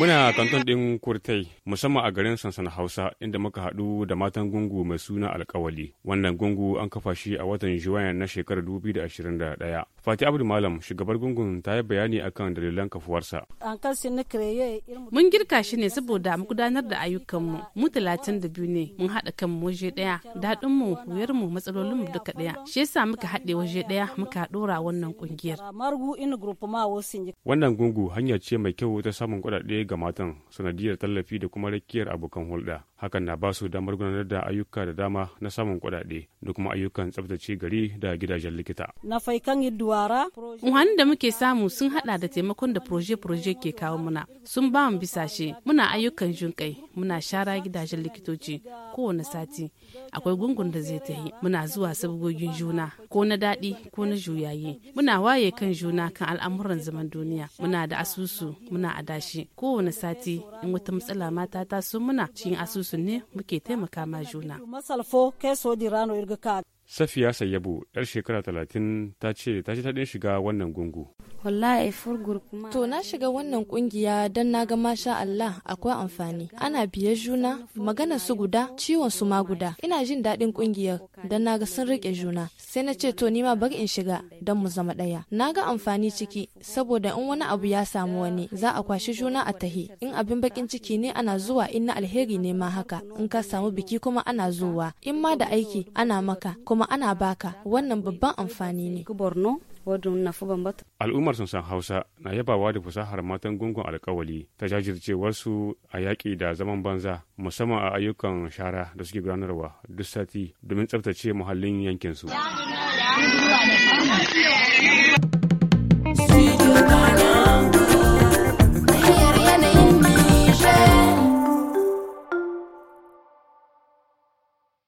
Muna kanton ɗin Kurtai, musamman a garin sansan Hausa, inda muka haɗu da matan gungu mai suna alkawali. Wannan gungu an kafa shi a watan Juwayan na shekarar 2021. Fati Abdul Malam shugabar gungun ta yi bayani akan dalilan kafuwarsa. Mun girka shi ne saboda mu gudanar da ayyukanmu. Mu talatin da biyu ne mun haɗa kan mu waje ɗaya. Daɗin mu wuyar mu matsalolin mu duka ɗaya. Shi yasa muka haɗe waje ɗaya muka ɗora wannan ƙungiyar. Wannan gungu hanya ce mai kyau ta samun kuɗaɗe ga matan sanadiyar tallafi da kuma rakiyar abokan hulɗa. Hakan na ba su damar gudanar da ayyuka da dama na samun kuɗaɗe da kuma ayyukan tsaftace gari da gidajen likita. Na faikan yadda Wani da muke samu sun hada da taimakon da proje-proje ke kawo muna. Sun ba mu bisashe, muna ayyukan kai, muna shara gidajen likitoci kowane sati. Akwai gungun da zai tahi, muna zuwa sabgogin juna, ko na daɗi ko na juyayi. Muna waye kan juna kan al'amuran zaman duniya. Muna da asusu, muna adashi. Kowane sati in wata matsala mata ta sun muna cikin asusu ne muke taimaka ma juna. Safiya Sayyabu, 'yar shekara talatin ta ce ta ji daɗin shiga wannan gungu. wallahi furgur kuma to na shiga wannan kungiya dan na ga masha Allah akwai amfani ana biye juna magana su guda ciwon su ma guda ina jin daɗin kungiyar don na ga sun rike juna sai na ce to ni ma bari in shiga don mu zama ɗaya na ga amfani ciki saboda in wani abu ya samu wani za a kwashi juna a tahi in abin bakin ciki ne ana zuwa in na alheri ne ma haka in ka samu biki kuma ana zuwa in ma da aiki ana maka kuma ana baka wannan babban amfani ne wadun na fi bambata. Al'ummar sun Hausa na yabawa da fasahar matan gungun alkawali ta jajircewarsu a yaƙi da zaman banza musamman a ayyukan shara da suke gudanarwa duk sati domin tsaftace muhallin yankinsu.